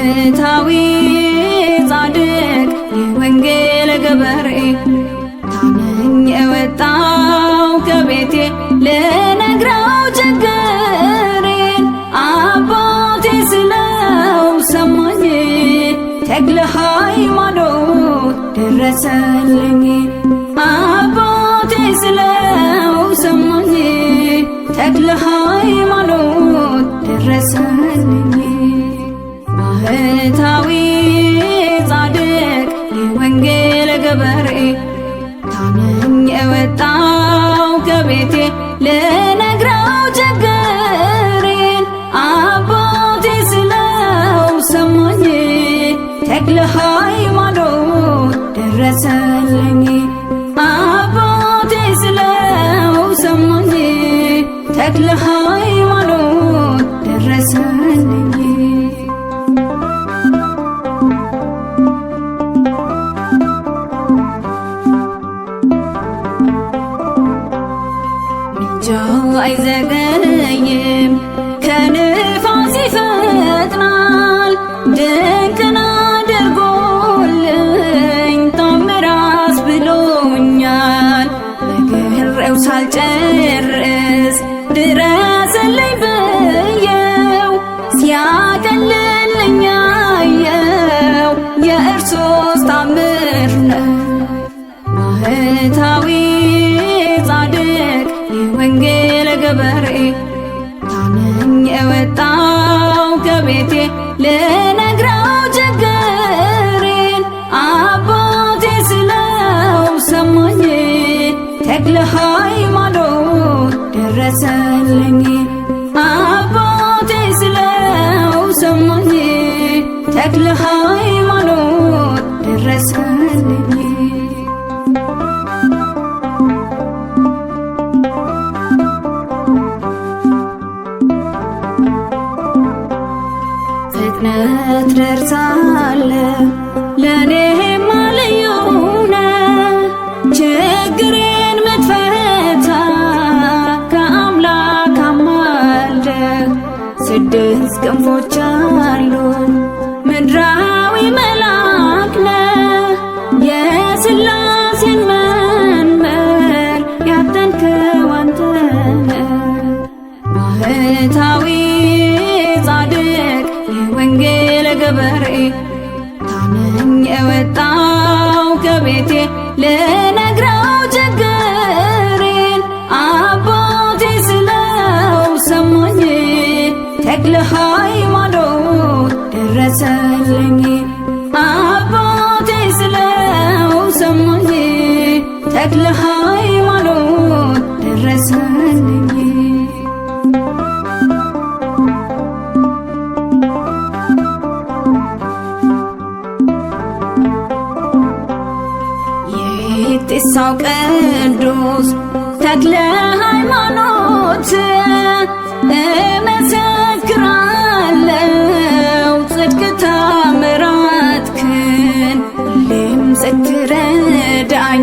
ፍትሃዊ ጻድቅ የወንጌል ገበሬ ታምኜ የወጣው ከቤቴ ልነግረው ችግሬን አባቴ ስለው ሰማኝ ተክለ ሃይማኖት ደረሰልኝ ባለቤቴ ልነግረው ችግሬን አባቴ ስለው ሰማኝ። ተክለ ሃይማኖት ደረሰልኝ አባቴ ስለው ሰማኝ ተክለ ለገበሬ ታመኝ የወጣው ከቤቴ ልነግረው ችግሬን አባቴ ስለው ሰማኝ። ተክለ ሃይማኖት ደረሰልኝ አባቴ ስለው ሰማኝ። ተክለ ሃይማኖት ደረሰ ጥቅሞች አሉ። ምድራዊ መላክነ የሥላሴን መንበር ያተንከው አንተነ ባህታዊ ጻድቅ የወንጌል ገበሬ ታመኝ የወጣው ከቤቴ ልነግረው ችግሬን አባቴ ስለው ሰማኝ ተክለሃ ተክለ ሃይማኖት ደረሰልኝ የጤሳው ቅዱስ ተክለ ሃይማኖት እመሰክራለው ጽድቅ ታምራትክን ልም ስትረዳኝ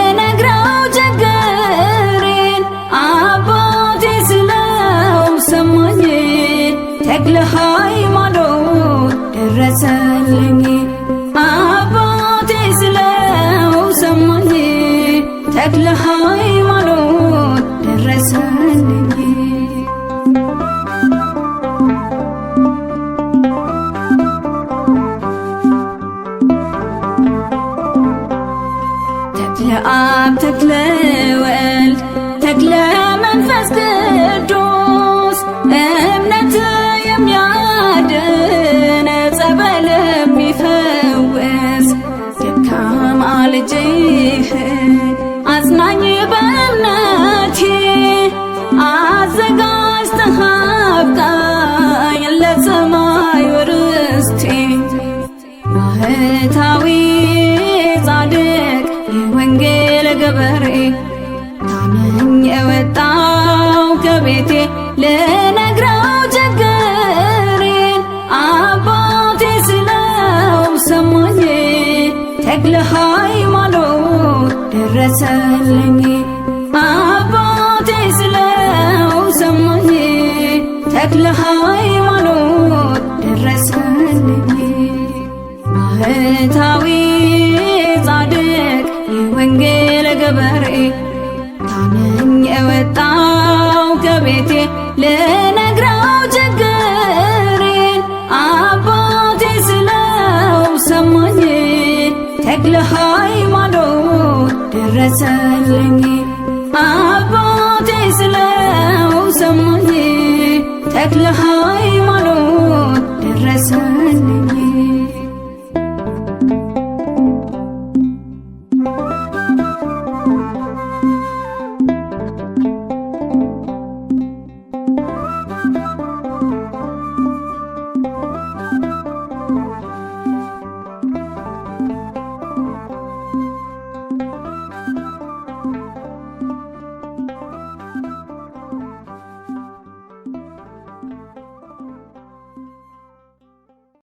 ለአብ ተክለ ወልድ ተክለ መንፈስ ቅዱስ እምነት የሚያድን ጸበል የሚፈውስ ደካማ ልጅህ አጽናኝ በእምነቴ አዘጋጅተሃብቃኝ ለሰማይ ርስቴ ባህታዊ ገበሬ ታመኝ የወጣው ከቤቴ ልነግረው ችግሬን አባቴ ስለው ሰማኝ። ተክለ ሃይማኖት ደረሰልኝ አባቴ ስለው ሰማኝ። ተክለ ሃይማኖት ደረሰልኝ ማህታዊ ባለቤቴ ልነግረው ችግሬን አባቴ ስለው ሰማኝ። ተክለ ሃይማኖት ደረሰልኝ አባቴ ስለው ሰማኝ ተክለ